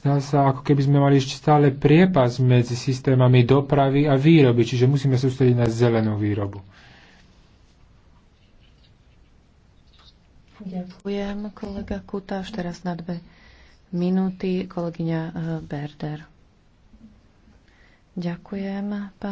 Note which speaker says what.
Speaker 1: Zdá sa, ako keby sme mali ešte stále priepas medzi systémami dopravy a výroby, čiže musíme sústrediť na zelenú výrobu.
Speaker 2: Ďakujem, kolega Kuta. Až Teraz na dve minúty kolegyňa eh, Berder. Ďakujem, pán